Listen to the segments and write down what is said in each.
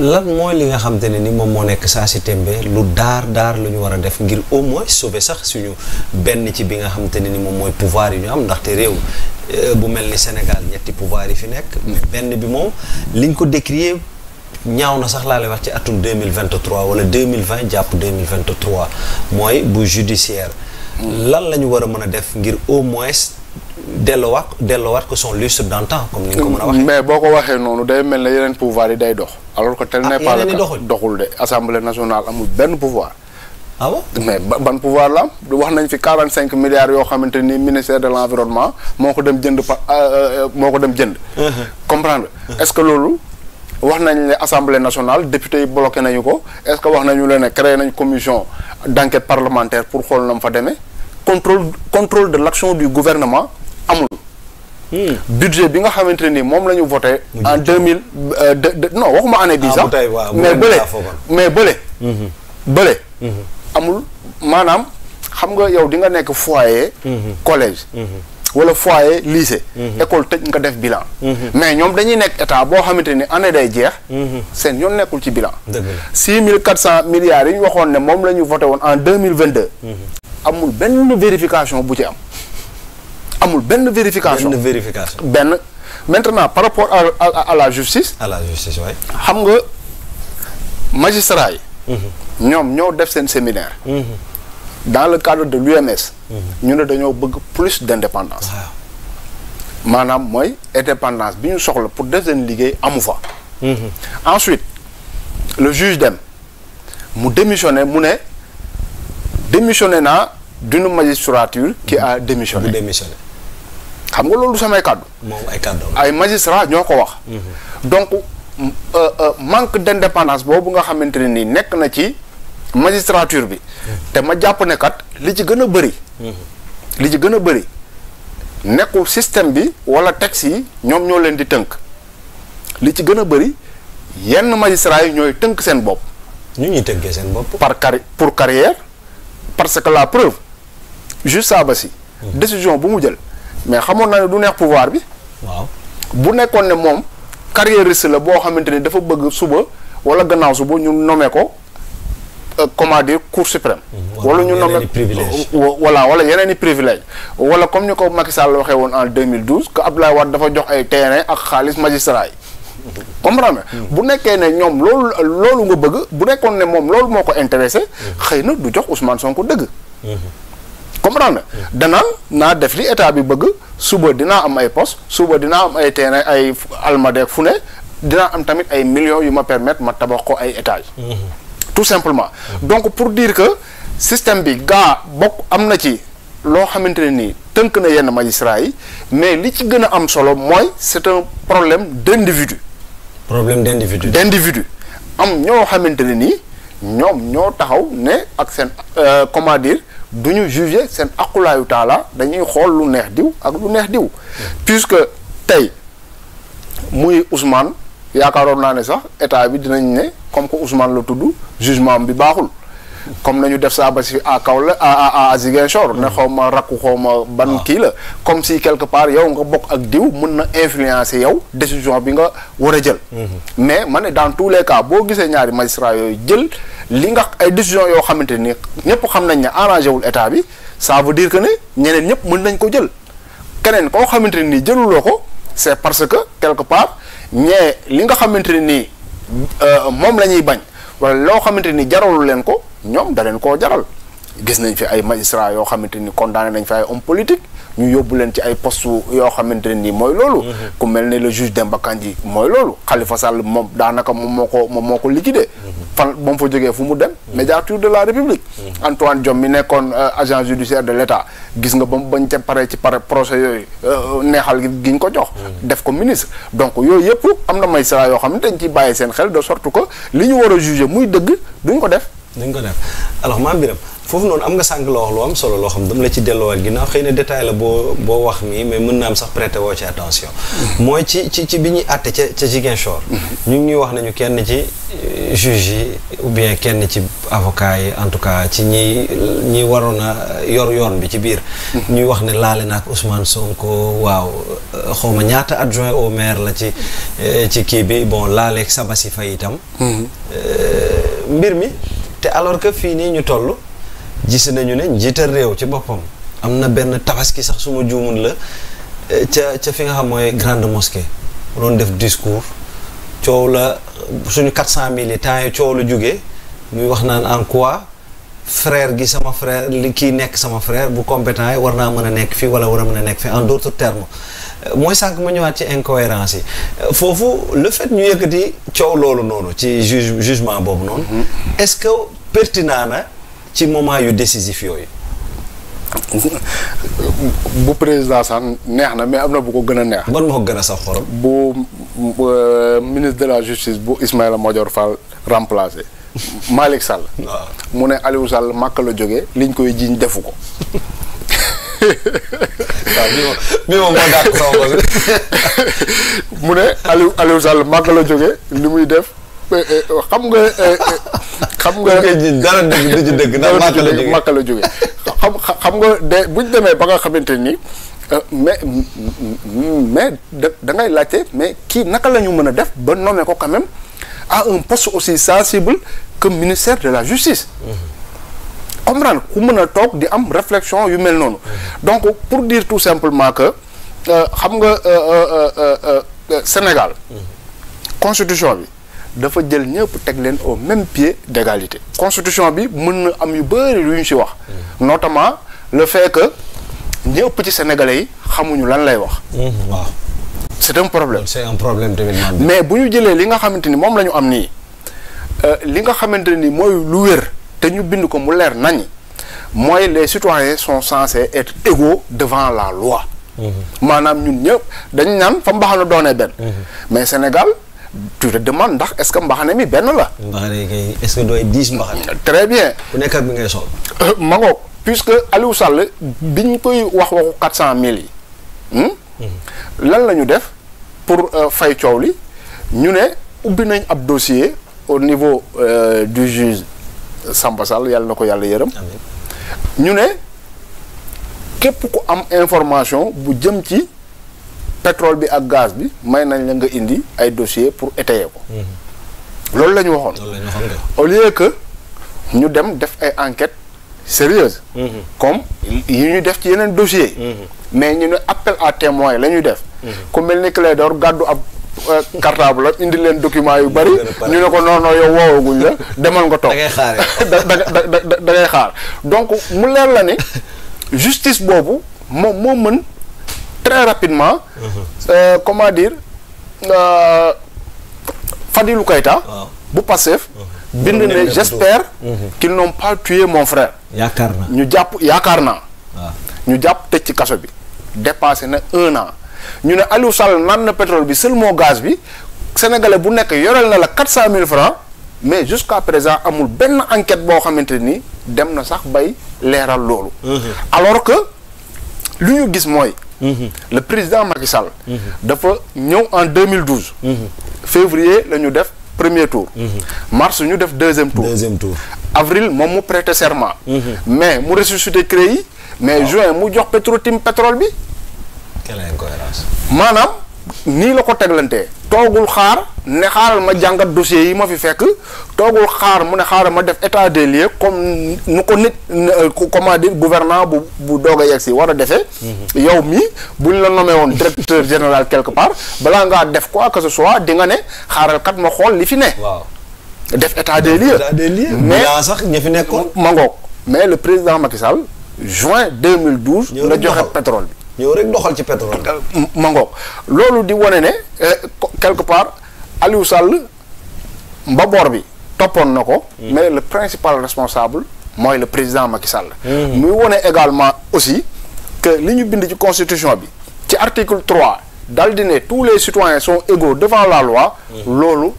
lan mooy li nga xam ne ni moom moo nekk saa si tembe lu daar daar lu ñu war a def ngir au moins sauver sax suñu benn ci bi nga xam ne ni moom mooy pouvoir yi ñu am ndaxte réew euh, bu mel ni Sénégal ñetti pouvoir yi fi nekk. benn bi moom liñ ko décrier ñaaw na sax laa lay wax ci atum 2023 wala 2020 jàpp 2023 mooy bu judiciaire. lan la ñu war a mën a def ngir au moins. delloowaat delloowaat ko son lustre d'antan comme ni ko mën a waxee mais boo ko waxee noonu day mel ne yeneen pouvoir yi day dox loolu ko tel ah, n'est pas le cas doxul de assemblée nationale amul benn pouvoir. ah mais ban pouvoir la wax nañ fi 45 milliards yoo xamante ni ministère de l'environnement moo ko dem jënd pa euh, euh, moo ko dem jënd. Uh-huh. comprendre uh-huh. est-ce que loolu wax nañ ne assemblée nationale député yi bloqué nañu ko est-ce que wax nañu leen ne créé nañ commission d'enquête parlementaire pour xool na mu fa demee contrôle contrôle de l'action du gouvernement amul. Hmm. budget bi nga xamante ne moom la ñu voté. en deux mille euh, deux non waxuma année bii ah, sax. mais bële mais mhm. bële. bële. Mhm. amul maanaam xam nga yow di nga nekk foyer. Mhm. collège. wala foyer lycée. école tëj nga def bilan. mais ñoom dañuy nekk état boo xamante ni année day jeex. seen yoon nekkul ci bilan. dëgg la mille quatre cent milliards yi ñu waxoon ne moom la ñu voté woon en deux mille vingt deux. amul benn vérification bu ci am. amul benn vérification benn vérification benn maintenant par rapport à, à, à la justice. à la justice waay. xam nga magistra yi. Mhm. ñoom ñoo def seen séminaire. Mhm. dans le cadre de l'UMS. Mhm. ñu ne dañoo bëgg plus d'indépendance. maanaam mooy indépendance bi ñu soxla pour def seen liggéey amu fa. ensuite le juge dem mu démissionné mu ne démissionné naa d'une magistrature qui a démissionné. démissionné. xam nga loolu samay kàddu. moom ay kàddu ay magistrats ñoo ko wax. Mhm. donc euh, euh, manque d' indépendance boobu nga xamante ne nii nekk na ci magistrature bi. Mhm. te ma jàpp ne li ci gën a bëri. Mhm. li ci gën a bëri nekkul système bi wala texte yi ñoom ñoo leen di tënk li ci gën a bëri yenn magistrats yi ñooy tënk seen bopp. ñu ñuy tënkee seen bopp. par carri pour carrière parce que la preuve juge Sabassy décision bu mu jël. mais xamoon naa ne du neex pouvoir bi. waaw bu nekkoon ne moom carriériste la boo xamante ni dafa bëgg suba wala gannaaw suba ñu nommé ko euh, comment dire cour suprême. Mm, wala ñu nommé euh, voilà wala yeneen i privilège wala comme ni ko Macky Sall waxee woon en 2012 que Abdoulaye Wade dafa jox ay terrain ak xaalis magistrat yi. comprendre mm. bu nekkee ne ñoom loolu loolu nga bëgg bu nekkoon ne moom loolu moo ko intéressé. Mm. xëy na du jox Ousmane ko dëgg. Mm-hmm. comprendre danaan naa def li état bi bëgg suba dinaa am ay poste suba dinaa am ay terrain ay almadeek fu ne dinaa am tamit ay millions yu ma permettre ma tabax ko ay étage mm-hmm. tout simplement mm-hmm. donc pour dire que système bi gaa bokk am na ci loo xamante ne nii tënk na yenn magistrats yi mais li ci gën a am solo mooy c'est un problème d'individu problème d'individu d'individu am ñoo xamante ne nii ñoom ñoo taxaw ne ak seen euh, comment du ñu juger seen aqulaayu taala dañuy xool lu neex diw ak lu neex diw puisque tey muy Ousmane yaakaaroon naa ne sax état bi dinañ ne comme que Ousmane la tudd jugement bi baaxul comme nañu def saa ba si à Kaolack à à à Ziguinchor. ne mm. xaw ma rakku xaw ma ban ah. kii la. comme si quelque part yow nga bokk ak diw mën na influencer yow décision bi nga war a jël. Mm-hmm. mais ma dans tous les cas boo gisee ñaari magistrat yooyu jël li nga ay décision yoo xamante ni ñëpp xam nañ ne arrangé wul état bi ça veut dire que ne ñeneen ñëpp mën nañ ko jël keneen koo xamante ne nii jëluloo ko c'est parce que quelque part ñee li nga xamante ne nii euh, moom la ñuy bañ. wala loo xamante ni jaralu leen ko ñoom daleen koo jaral gis nañ fi ay magistrats yoo xamante ni condamné nañ fi ay homme politique ñu yóbbu leen ci ay post yoo xamante ne nii mooy loolu. Mm-hmm. ku mel ni le juge Demba Kandji mooy loolu. Khalifa sàll moom daanaka moom moo ko moom moo ko liquidé. Mm-hmm. fan ba mu fa jógee fu mu dem. Mm-hmm. médiature de la république. Antoine Diome mi nekkoon euh, agent judiciaire de l' gis nga ba mu bañ ca pare ci pare procès yooyu euh, neexal gi ñu ko jox. def ko ministre donc yooyu yëpp am na magistrats yoo xam ne dañ ciy bàyyi seen xel de sorte que li ñu war a jugé muy dëgg duñ ko def. duñ ko def alors maam Birame foofu noonu am nga sànq la wax lu am solo loo xam dama la ci delluwaat ginnaaw xëy na détail la boo boo wax nii mais mën naa am sax prêter woo ci attention. Mm-hmm. mooy ci ci ci bi ñuy àtte ca ca Ziguinchor. Mm-hmm. ñu ngi ñuy wax nañu kenn ci euh, juge yi ou bien kenn ci avocat yi en tout cas ci ñi ñi waroon a yor yoon bi ci biir. Mm-hmm. ñuy wax ne laale na ak Ousmane Sonko waaw euh, xaw ma ñaata adjoint au maire la ci euh, ci kii bi bon laaleeg Sabasy Faye tam mbir mi te alors que fii nii ñu toll. gis nañu ne njiital réew ci boppam am na benn tabaski sax suma juumun la e, ca ca fi nga xam mooy grande mosquée doon def discours coow la suñu 400000 yi temps yi coow la jógee muy wax naan en quoi frère gi sama frère li kii nekk sama frère bu compétent war naa mën a nekk fii wala war a mën a nekk fii en d'autres termes e, mooy sànq ma ñëwaat ci incohérence yi e, foofu le fait ñu yëkkati coow loolu noonu ci juge jugement boobu noonu mm-hmm. est-ce que pertinent na ci moment yu décisif yooyu. bu président sax neex na mais am na bu ko gën a neex. ban moo gën a sax xorom. bu euh, ministre de la justice bu Ismaïla Madior Fall remplacé Malick Sall. mu ne Aliou Sall màkk la jógee liñ koy jiiñ defu ko. waaw bii moom la jóge li muy def. xam nga. Eh, eh, xam nga dara dëgg du ci dëgg ndax màkk la jógee xam xam nga de bu ñu demee ba nga xamante nii eh, mais mais da ngay laajte mais kii naka la ñu mën a def ba nommer ko quand même à un poste aussi sensible que ministère de la justice. Mm-hmm. comprendre ku mën a toog di am réflexion yu mel noonu. Mm-hmm. donc pour dire tout simplement que xam nga Sénégal. Mm-hmm. constitution bi. dafa jël ñëpp teg leen au même pied d'égalité constitution bi mën na am yu bëri lu ñu ci wax notamment le fait que ñëpp ci sénégalais yi xamuñu lan lay wax mmh, waaw c'est un problème c'est un problème mais bu ñu jëlee li nga xamante ni moom la ñu am nii euh, li nga xamante ni mooy lu wér te ñu bind ko mu leer nañ mooy les citoyens sont censés être égaux devant la loi mmh. maanaam ñun ñëpp dañu naan fa mbaxal na doonee benn mmh. mais Sénégal tu te demandes ndax est que mbaxane mi benn la. mbaxane kay est-ce que doy dix mbaxane. très bien. ku nekk ak bi ngay sol. Euh, ma ngoog puisque Aliou Sall bi ñu koy wax waxu quatre cent mille yi. Hmm? Hmm. lan la ñu def pour euh, fay coow li ñu ne ubbi nañ ab dossier au niveau euh, du juge Samba Sall yàlla na ko yàlla yërëm. ñu ne képp ku am information bu jëm ci. pétrole bi ak gaz bi may nañ la nga indi ay dossier pour étayer ko. loolu la ñu waxoon. au lieu que ñu dem def ay enquêtes sérieuses. Mhm. comme yi ñu def ci yeneen dossiers. Mhm. mais ñu ne appel à témoin la ñuy def. comme mel ni Clédor gàddu ab euh, cartable la indi leen document yu bari. ñu ne ko non non yow woowaguñ la demal nga toog. da ngay xaar xaar donc mu leer la ne justice boobu moom moo mën. très rapidement. Mhm. Euh, comment dire fadilu euh, Fadilou Keita. waaw ah. bu Pastef. Mhm. bind ne j'espère ki mhm. n'ont pas tué mon frère. ñu jàpp yaakaar naa. Ah. ñu jàpp tëj ci kaso bi. dépassé na un an ñu ne Aliou Sall naan na pétrole bi seulement gaz bi sénégalais bu nekk yoreel na la quatre cent mille francs mais jusqu'à présent amul benn enquête boo xamante ni dem na sax bay leeral loolu. alors que lu ñu gis mooy. Mm-hmm. le président Macky Sall. Mm-hmm. dafa ñëw en 2012. Mm-hmm. février la ñu def premier tour. mars ñu def deuxième tour. deuxième tour avril moom mu prêter serment. mais mu ressuscité CREI. mais juin mu jox Petro-Tim pétrole bi. maanaam nii la ko teglante toogul xaar ne xaaral ma jàngat dossier yi ma fi fekk toogul xaar mu ne xaaral ma def état de lieux comme nu ko nit euh, comment dire gouvernant bu bu doog a yegg si war a defee. Mhm. yow mi ñu la nommé woon directeur général quelque part balaa ngaa def quoi que ce soit di nga ne xaaral kat ma xool li fi ne. waaw def état des lieux. état des mais sax ña fi nekkoon. ma mais le président Macky Sall juin 2012. la joxe pétrole bi. ñëw rek doxal ci pétrole ma ngoog loolu di wane ne eh, quelque part Aliou Sall mbaboor bi toppoon na ko hmm. mais le principal responsable mooy le président Macky Sall hmm. muy wane également aussi que li ñu bind ci constitution bi ci article 3 dal di ne tous les citoyens sont égaux devant la loi hmm. loolu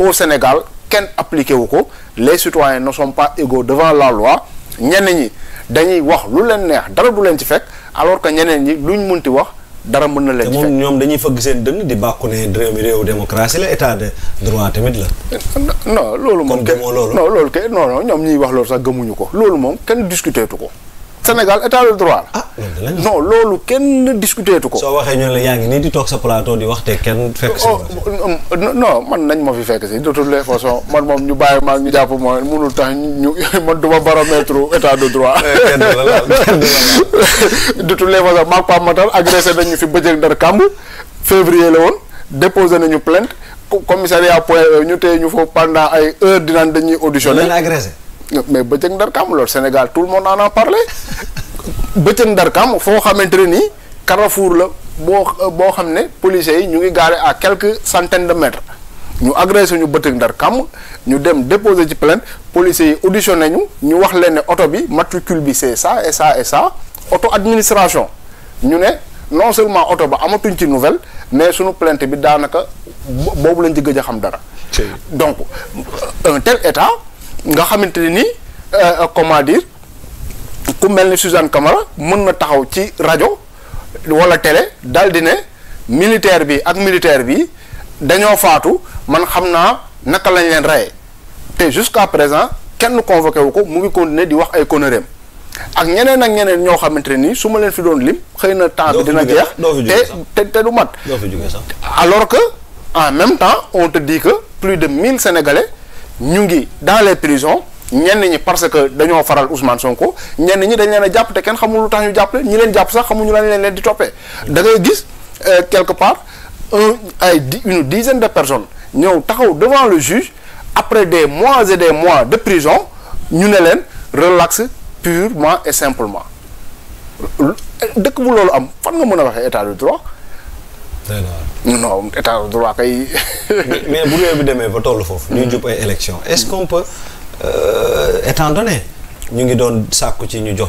au Sénégal kenn appliqué wu ko les citoyens ne sont pas égo devant la loi ñenn ñi dañuy wax lu leen neex dara du leen ci fekk alors que ñeneen ñi luñ munti wax dara mën na leen. ci ñoom dañuy fëgg seen dënn di bàkku ne réew mi réewu démocratie la état de droit tamit la. non loolu moom. kon gëmoo loolu non loolu kay non non ñoom ñuy wax loolu sax gëmuñu ko loolu moom kenn tu ko. Sénégal état de droit la. ah non loolu kenn discuteetu ko. soo waxee ñoo la yaa ngi nii di toog sa plateau di wax te kenn fekk si. Oh, non man nañ ma fi fekk si de toutes les façons man moom ñu bàyyi ma ñu jàpp ma mënul tax ñu man du ma baromètre état de droit. Eh, de toutes les façons maag Pape Matar agressé nañ ñu fi bëjëg ndar kàmb février la woon déposé nañu plainte commissariat point e, ñu tey ñu foofu pendant ay heures di naan dañuy auditionné. agressé. mais bëccëg ndarkaam loolu Sénégal tout le monde ana a parlé bëccëg ndarkaam foo xamante ne nii carrefour la boo boo xam ne policiers yi ñu ngi gaale à quelque centaines de mètres ñu agressé ñu bëccëg ndarkaam ñu dem déposer ci plainte policiers yi auditionné ñu ñu wax leen ne oto bi matricule bi c'est ça et ça et ça auto administration ñu ne non seulement oto ba amatuñ ci nouvelle mais suñu plainte bi daanaka boobu lañ ci gëj a xam dara. donc un tel état. nga xamante ne ni euh, euh, comment ku mel ni Suzanne Camara mën na taxaw ci rajo wala télé dal di ne militaire bi ak militaire bi dañoo faatu man xam naa naka lañ leen reyee te jusqu'à présent kenn convoqué wu ko mu ngi continuer di wax ay conneries ak ñeneen ak ñeneen ñoo xamante ne nii su ma leen fi doon lim xëy na temps dina jeex te te du mat alors que en même temps on te dit plus de mille sénégalais ñu ngi dans les prisons ñenn ñi parce que dañoo faral Ousmane Sonko ñenn ñi dañu leen a jàpp te kenn xamul lu tax ñu jàpp leen ñi leen jàpp sax xamuñu lan leen leen di toppee. da ngay gis euh, quelque part un ay une dizaine de personnes ñëw taxaw devant le juge après des mois et des mois de prison ñu ne leen relax purement et simplement dëkk bu loolu am fan nga mën a waxee état de droit. non état de droit kay. mais bu réew bi demee ba tollu foofu. ñuy jub ay élection est-ce qu'on euh, donné ñu ngi doon sàkku ci ñu jox